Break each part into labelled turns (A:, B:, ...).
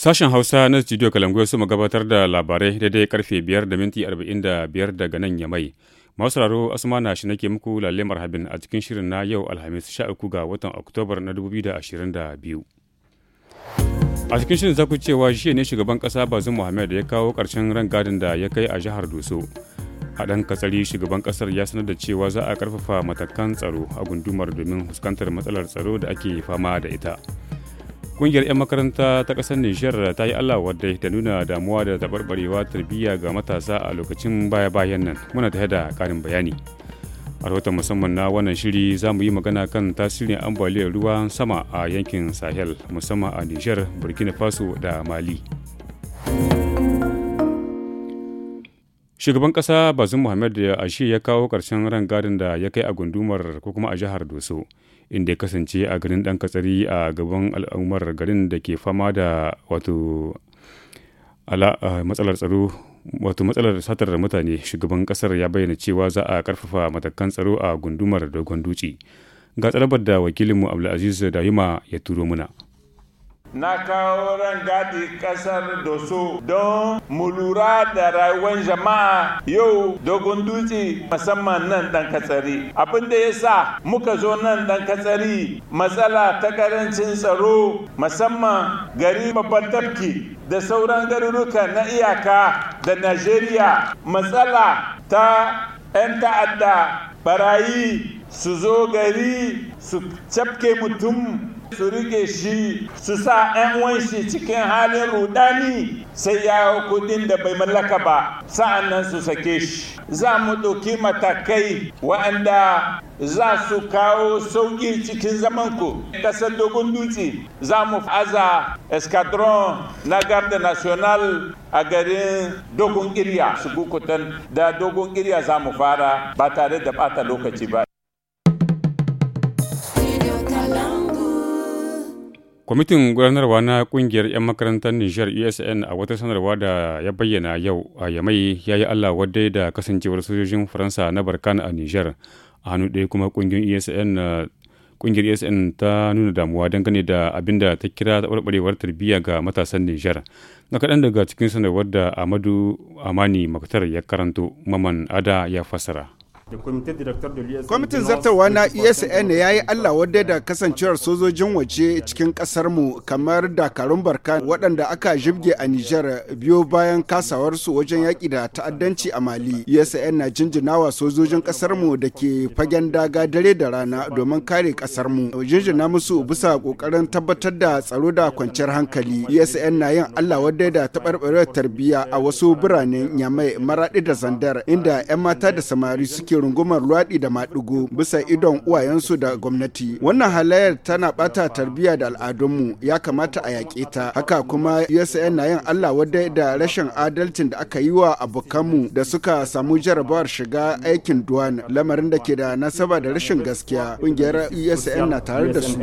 A: Sashen Hausa na Studio Kalangoyo su gabatar da labarai daidai karfe 5 da minti 45 daga nan ya mai. Masu raro na shi nake muku lalle marhabin a cikin shirin na yau Alhamis 13 ga watan Oktobar na 2022. A cikin shirin za ku cewa shi ne shugaban kasa Bazum Muhammad ya kawo ƙarshen rangadin da ya kai a jihar Doso. a ɗan katsari shugaban kasar ya sanar da cewa za a karfafa matakan tsaro a gundumar domin fuskantar matsalar tsaro da ake fama da ita. Ƙungiyar 'yan makaranta ta ƙasar Nijar ta yi Allah wadda da nuna damuwa da tabarbarewa tarbiyya ga matasa a lokacin baya-bayan nan. Muna tare da ƙarin bayani. A rahoton musamman na wannan shiri za mu yi magana kan tasirin ambaliyar ruwa sama a yankin Sahel musamman a Nijar, Burkina Faso da Mali. shugaban kasa bazin muhammad da ashi ya kawo karshen gadin da ya kai a gundumar ko kuma a jihar doso inda ya kasance a garin dan katsari a gaban al'ummar garin da ke fama da wato matsalar tsaro wato matsalar satar mutane shugaban kasar ya bayyana cewa za a karfafa matakan tsaro a gundumar dogon dutse ga tsarabar da wakilinmu abdulaziz dahima ya turo muna
B: na kawo rangadi kasar da su don mu lura da rayuwar jama'a yau dogon dutse musamman nan dan katsari abin da ya sa muka zo nan dan katsari matsala ta karancin tsaro musamman gari babban tafki da sauran garuruka na iyaka da najeriya matsala ta 'yan ta'adda barayi su zo gari su cafke mutum su rike shi su sa 'yan uwan shi cikin halin rudani sai ya yi kudin da bai mallaka ba sa'an nan su sake shi za mu ɗauki matakai waɗanda za su kawo sauƙi cikin zamanku ƙasar dogon dutse za mu aza escadron na garda national a garin dogon irya su gukutan da dogon irya za mu fara ba tare da bata lokaci ba
A: kwamitin gudanarwa na kungiyar 'yan makarantar nijar usn e a wata sanarwa da ya bayyana yau a yamai ya yi allah wadai da kasancewar sojojin faransa na barkan a nijar a hannu ɗaya kuma kungiyar usn e e ta nuna damuwa dangane da abin da ta kira taɓarɓarewar tarbiyya ga matasan nijar ga kaɗan daga cikin sanarwar da amadu amani maktar ya karanto maman ada ya fassara Kwamitin zartarwa na
C: ESN ya yi Allah wadda da kasancewar sojojin waje cikin ƙasarmu kamar dakarun barka waɗanda aka jibge a Nijar biyo bayan kasawarsu wajen yaƙi da ta'addanci a Mali. ESN na jinjinawa sojojin ƙasarmu da ke fagen daga dare da rana domin kare ƙasarmu. Jinjina musu bisa ƙoƙarin tabbatar da tsaro da kwanciyar hankali. ESN na yin Allah wadda da taɓarɓarewar tarbiyya a wasu biranen Yamai, Maraɗi da Zandar inda 'yan mata da samari suke rungumar luwaɗi da maɗigo bisa idon uwayensu da gwamnati. Wannan halayyar tana ɓata tarbiyya da al'adunmu ya kamata a yaƙe ta. Haka kuma USN na yin Allah wadai da rashin adalcin da aka yi wa abokanmu da suka samu jarabawar shiga aikin duwan lamarin da ke da nasaba da rashin gaskiya. Ƙungiyar USN na tare da su.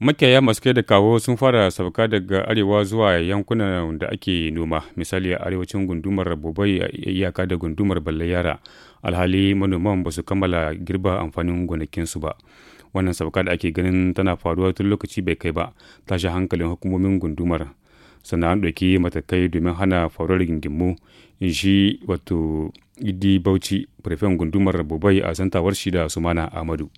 A: Makiyaya masu kai da kawo sun fara sauka daga arewa zuwa yankunan da ake noma, misali a arewacin gundumar Bobai a iyaka da gundumar Ballayara, alhali manoman ba su kammala girba amfanin gonakinsu ba. Wannan sauka da ake ganin tana faruwa tun lokaci bai kai ba, tashi hankalin hukumomin gundumar. sannan ɗauki matakai domin hana faruwar gingimu in shi wato idi bauchi gundumar bobai a santawar shida da sumana ahmadu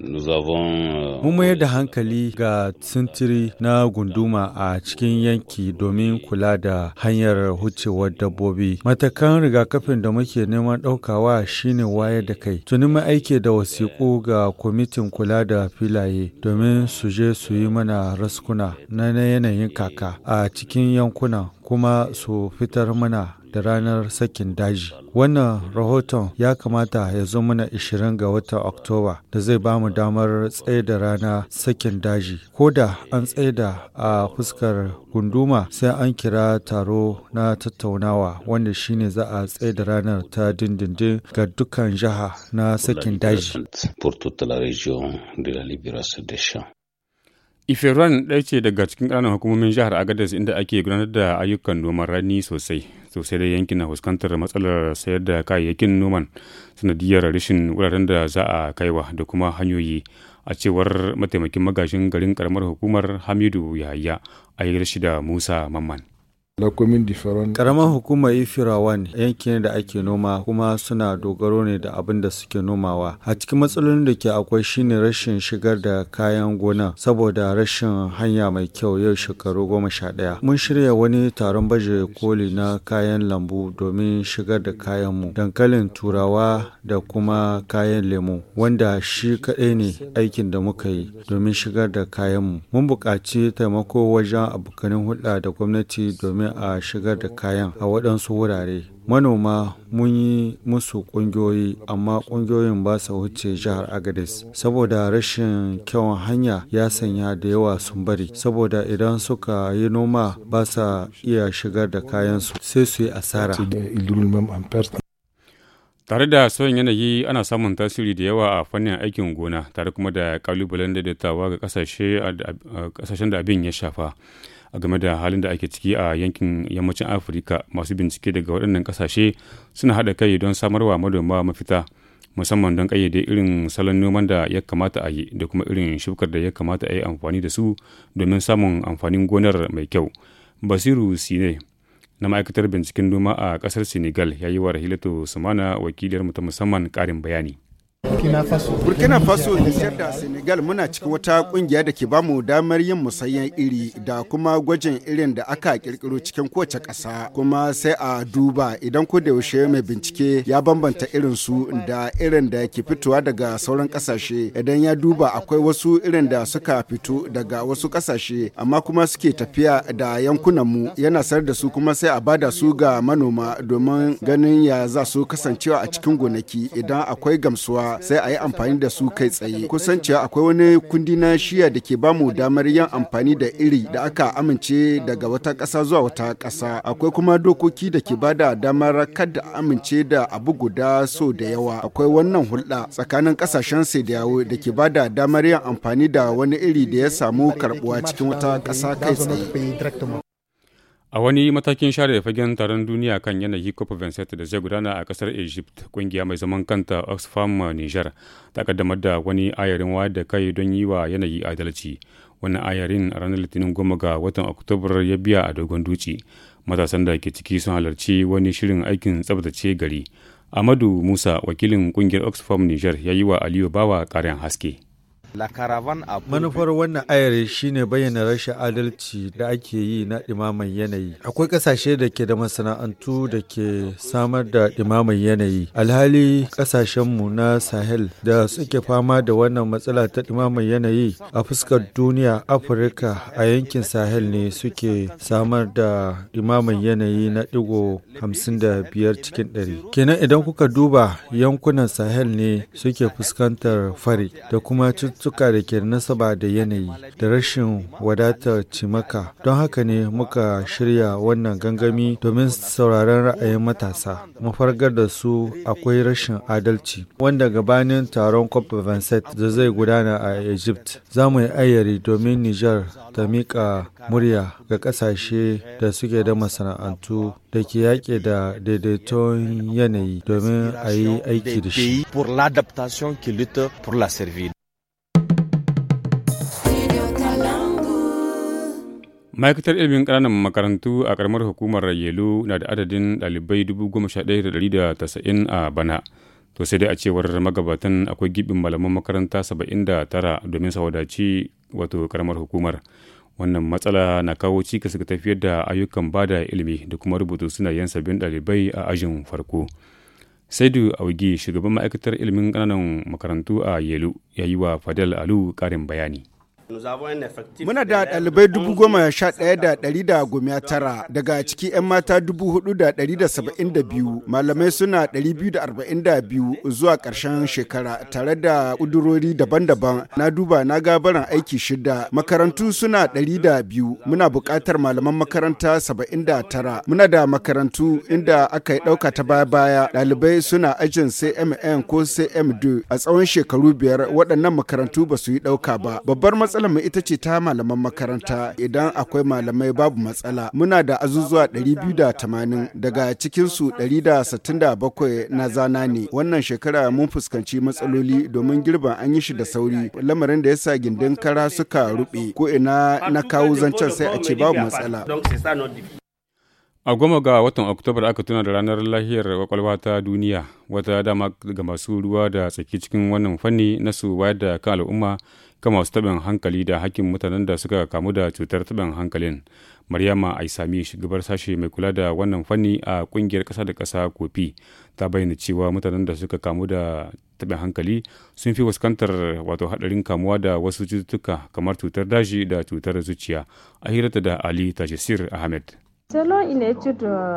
A: Euh,
D: mun mayar da euh, hankali ga sintiri na gunduma a cikin yanki domin kula da hanyar hucewar dabbobi. Matakan rigakafin da muke neman ɗaukawa shine wayar da kai. Tuni mu aike da wasiƙu ga kwamitin kula da filaye domin su je su yi mana raskuna na yanayin kaka a cikin yankuna kuma su fitar mana da ranar sakin daji. Wannan rahoton ya kamata ya zo mana 20 ga watan Oktoba da zai ba mu damar tsaye da rana sakin daji. Ko da an tsaye da a fuskar gunduma sai an kira taro na tattaunawa wanda shine za a tsaye da ranar ta dindindin ga dukkan jiha na sakin daji.
A: Iferuwan ɗaya ce daga cikin ƙananan hukumomin jihar Agadez inda ake gudanar da ayyukan noman rani sosai. Sosai da yankin na fuskantar matsalar sayar da kayayyakin noman sanadiyar rashin wuraren da za a kaiwa da kuma hanyoyi a cewar mataimakin magashin garin karamar hukumar Hamidu Yahaya a shida Musa Mamman.
D: Karamar hukumar Ifirawan yankin ne da ake noma kuma suna dogaro ne da abin da suke nomawa. A cikin matsalolin da ke akwai shine rashin shigar da kayan gona saboda rashin hanya mai kyau yau shekaru goma sha ɗaya. Mun shirya wani taron baje koli na kayan lambu domin shigar da kayan mu dankalin turawa da kuma kayan lemu, wanda shi kaɗai ne aikin da muka yi domin shigar da kayan mu Mun buƙaci taimako wajen abokanin hulɗa da gwamnati domin a shigar da kayan a waɗansu wurare manoma mun yi musu ƙungiyoyi amma ƙungiyoyin ba su wuce jihar agadis saboda rashin kyawun hanya ya sanya da yawa sun bari saboda idan suka yi noma ba sa iya shigar da kayansu sai su yi asara
A: tare da sauyin yanayi ana samun tasiri da yawa a fannin aikin gona tare kuma da kalubalen daidaitawa ga kasashen da abin ya shafa a game da halin da ake ciki a yankin yammacin afirka masu bincike daga waɗannan ƙasashe suna haɗa kai don samarwa madoma mafita musamman don ƙayyade irin salon noman da ya kamata a yi da kuma irin shukar da ya kamata a yi amfani da su domin samun amfanin gonar mai kyau basiru sine na ma'aikatar binciken noma a ƙasar senegal ya yi wa rahilato sumana wakiliyarmu ta musamman ƙarin bayani burkina faso nijar da
C: senegal muna cikin wata kungiya da ke ba mu damar yin musayen iri da kuma gwajin irin da aka kirkiro cikin kowace ƙasa kuma sai a duba idan yaushe mai bincike ya bambanta irin su da irin da ke fitowa daga sauran kasashe idan ya duba akwai wasu irin da suka fito daga wasu ƙasashe amma kuma suke tafiya da yankunan mu yana sayar da su kuma sai a bada su ga manoma domin ganin ya za su kasancewa a cikin gonaki idan akwai gamsuwa sai a yi amfani da su kai tsaye kusan cewa akwai wani kundi na shiya da ke bamu damar yin amfani da iri da aka amince daga wata ƙasa zuwa wata ƙasa akwai kuma dokoki da ke bada damar kada amince da abu guda so da yawa akwai wannan hulɗa tsakanin ƙasashen sediyawo da ke bada damar yin amfani da wani iri da ya samu karɓuwa cikin wata ƙasa kai
A: tsaye A wani matakin share fagen taron duniya kan yanayi COP27 da zai gudana a kasar Egypt, kungiya mai zaman kanta Oxfam Niger ta kaddamar da wani ayarin wayar da kai don yi wa yanayi adalci. Wannan ayarin a ranar Litinin goma ga watan Oktobar ya biya a dogon duci. Matasan da ke ciki sun halarci wani shirin aikin tsabtace gari. Amadu Musa, wakilin kungiyar Oxfam Niger, ya yi wa Aliyu Bawa ƙarin haske.
D: Manufar wannan ayar shine bayyana rashin adalci da ake yi na ɗimaman yanayi. Akwai ƙasashe da ke da masana'antu da ke samar da ɗimaman yanayi. Alhali ƙasashenmu na Sahel da suke fama da wannan matsala ta ɗimaman yanayi a fuskar duniya Afirka a yankin Sahel ne suke samar da ɗimaman yanayi na ɗigo 55 cikin 100. Kenan idan kuka duba yankunan Sahel ne suke fuskantar fari da kuma cututtuka da ke nasaba da yanayi da rashin wadatar cimaka don haka ne muka shirya wannan gangami domin sauraron ra'ayin matasa mafargar da su akwai rashin adalci wanda gabanin taron cop 27 da zai gudana a egypt za mu yi ayyari domin niger ta mika murya ga kasashe da suke da masana'antu da ke yaƙi da daidaiton yanayi domin a yi aiki da shi.
A: ma'aikatar ilimin ƙananan makarantu a ƙaramar hukumar yelo na da adadin ɗalibai tasa'in a bana to sai dai a cewar magabatan akwai gibin malaman makaranta saba'in da tara domin sa wadaci wato ƙaramar hukumar wannan matsala na kawo cikas ga tafiyar da ayyukan bada ilimi da kuma rubutu suna yan sabbin ɗalibai a ajin farko saidu auge shugaban ma'aikatar ilimin ƙananan makarantu a yelu ya yi wa fadal alu ƙarin bayani
C: Muna da ɗalibai dubu goma sha ɗaya da ɗari da goma tara daga ciki 'yan mata dubu hudu da ɗari da saba'in da biyu malamai suna ɗari biyu da arba'in da biyu zuwa ƙarshen shekara tare da ƙudurori daban-daban na duba na gabaran aiki shida makarantu suna ɗari da biyu muna buƙatar malaman makaranta saba'in da tara muna da makarantu inda aka yi ɗauka ta baya-baya ɗalibai suna ajin cmn ko CMD. a tsawon shekaru biyar waɗannan makarantu ba su yi ɗauka ba babbar matsala matsalar mu ita ce ta malaman makaranta idan akwai malamai babu matsala. Muna da azuzuwa 280 daga cikinsu 167 na zana ne. Wannan shekara mun fuskanci matsaloli domin girban an yi shi da sauri. Lamarin da yasa gindin kara suka ruɓe ko ina na kawo zancen sai a ce babu matsala.
A: A goma ga watan Oktobar aka tuna da ranar lahiyar kwakwalwa ta duniya wata dama ga masu ruwa da tsaki cikin wannan fanni na su wayar da kan al'umma kan masu taɓin hankali da hakkin mutanen da suka kamu da cutar taɓin hankalin. Maryama Aisami shugabar sashe mai kula da wannan fanni a kungiyar ƙasa da ƙasa kofi ta bayyana cewa mutanen da suka kamu da taɓin hankali sun fi fuskantar wato haɗarin kamuwa da wasu cututtuka kamar cutar daji da cutar zuciya a hirata da Ali Tajisir Ahmed. Uh, uh,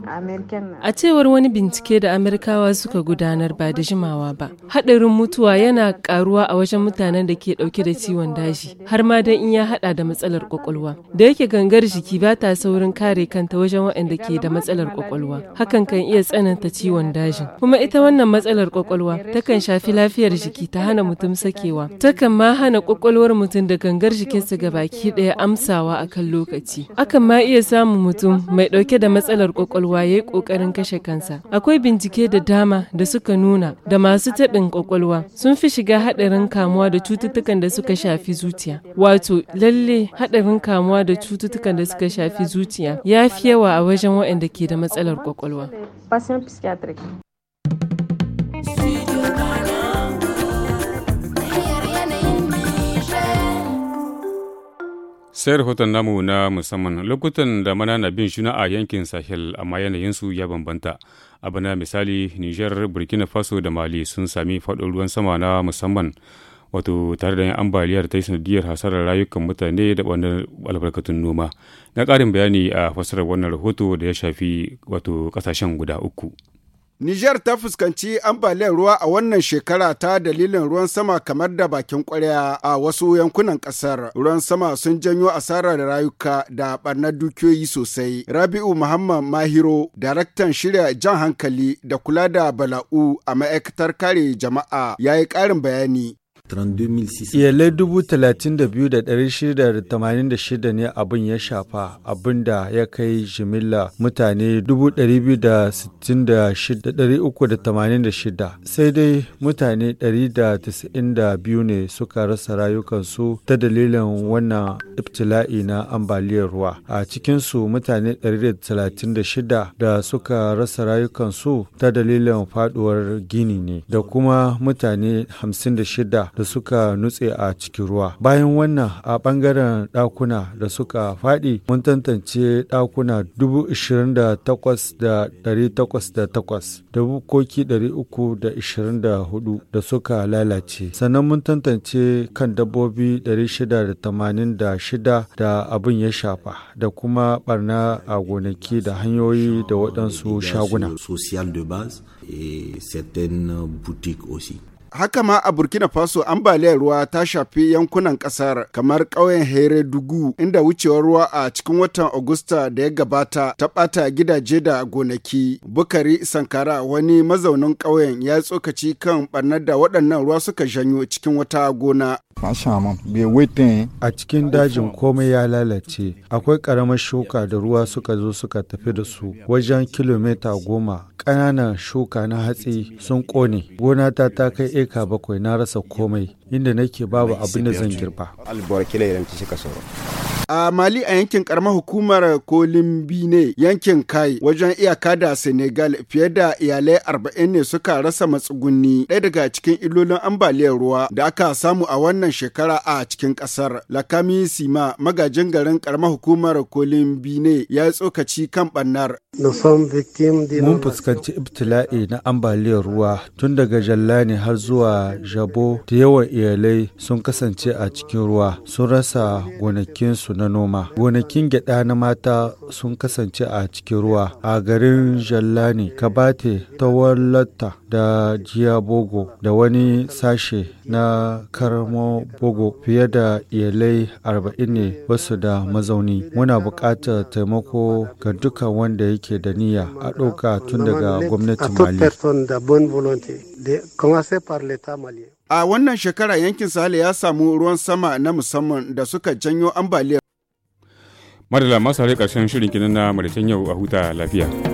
C: a cewar wani bincike da Amerikawa suka gudanar ba da jimawa ba, haɗarin mutuwa yana ƙaruwa a wajen mutanen da ke ɗauke da ciwon daji, har ma dan in ya haɗa da matsalar ƙwaƙwalwa. Da yake gangar jiki ba ta saurin kare kanta wajen waɗanda ke da matsalar ƙwaƙwalwa, hakan kan iya tsananta ciwon dajin. Kuma ita wannan matsalar ƙwaƙwalwa takan shafi lafiyar jiki ta hana mutum sakewa, takan ma hana ƙwaƙwalwar mutum da gangar jikinsa baki ɗaya amsawa akan lokaci. Akan ma iya samun mutum mai ɗauke da matsalar kwakwalwa ya yi ƙoƙarin kashe kansa. Akwai bincike da dama da suka nuna da masu taɓin kwakwalwa sun fi shiga haɗarin kamuwa da cututtukan da suka shafi zuciya. Wato, lalle haɗarin kamuwa da cututtukan da suka shafi zuciya ya fi yawa a wajen waɗanda ke da matsalar kwakwalwa.
A: sai rahoton namu na musamman lokutan da mana na bin shuna a yankin sahel amma su ya bambanta a bana misali niger burkina faso da mali sun sami faɗo ruwan sama na musamman wato tare da ambaliyar ta yi sanadiyar hasarar rayukan mutane da wannan albarkatun noma na ƙarin bayani a fasarar wannan rahoto da ya shafi wato ƙasashen guda uku
C: Nijar ta fuskanci ambaliyar ruwa a wannan shekara ta dalilin ruwan sama kamar da bakin kwarya a wasu yankunan kasar. Ruwan sama sun janyo asarar rayuka da barnar dukiyoyi sosai. Rabi'u Muhammad Mahiro, daraktan shirya jan hankali da kula da bala'u a ma'aikatar kare jama'a, ya yi ƙarin bayani.
D: Iyalai dubu talatin da biyu da ɗari shida da tamanin da shida ne abin ya shafa abin da ya kai jimilla mutane dubu ɗari biyu da sittin da shida ɗari uku da tamanin da shida sai dai mutane ɗari da tasa'in da biyu ne suka rasa rayukansu ta dalilin wannan ibtila'i na ambaliyar ruwa a cikinsu mutane ɗari da talatin da shida da suka rasa rayukansu ta dalilin faɗuwar gini ne da kuma mutane hamsin da shida da suka nutse a cikin ruwa. Bayan wannan a bangaren dakuna da suka fadi mun tantance ɗakuna 28,808 da bukoki 324 da suka lalace. Sannan mun tantance kan dabbobi 686 da abin ya shafa da kuma barna a gonaki da hanyoyi da waɗansu shaguna.
C: Haka ma a Burkina Faso ambaliyar ruwa ta shafi yankunan kasar kamar ƙauyen Here Dugu inda wucewar ruwa a cikin watan Agusta da ya gabata ta ɓata gidaje da gonaki. Bukari Sankara wani mazaunin ƙauyen ya tsokaci kan ɓarnar da waɗannan ruwa suka janyo cikin wata gona.
D: A cikin dajin komai ya lalace, akwai ƙaramar shuka da ruwa suka zo suka tafi da su wajen kilomita goma. Ƙananan shuka na hatsi sun ƙone. Gonata ta kai eka bakwai na rasa komai, inda nake babu abin da zan girba. A Mali a yankin karamar hukumar
C: Kolimbine yankin Kai wajen iyaka da Senegal fiye da iyalai arba'in ne suka rasa matsugunni ɗaya daga cikin ilolin ambaliyar ruwa da aka samu a wannan shekara a cikin ƙasar. Lakami Sima magajin garin karamar hukumar Kolimbine ya yi tsokaci kan bannar.
D: Mun fuskanci ibtila'i na ambaliyar ruwa tun daga Jallani har zuwa Jabo da yawan iyalai sun kasance a cikin ruwa sun rasa gonakinsu na noma. Gonakin gyada na mata sun kasance a cikin ruwa a garin Jallani, Kabate, Tawallata da Jiyabogo da wani sashe na Karmo Bogo fiye da iyalai arba'in ne basu da mazauni. Muna bukatar taimako ga duka wanda yake da niyya a ɗauka tun daga gwamnatin Mali.
C: A wannan shekara yankin Sale ya samu ruwan sama na musamman da suka janyo ambaliyar
A: madalla masu haɗe ƙarshen shirin kinan na maritan yau a huta lafiya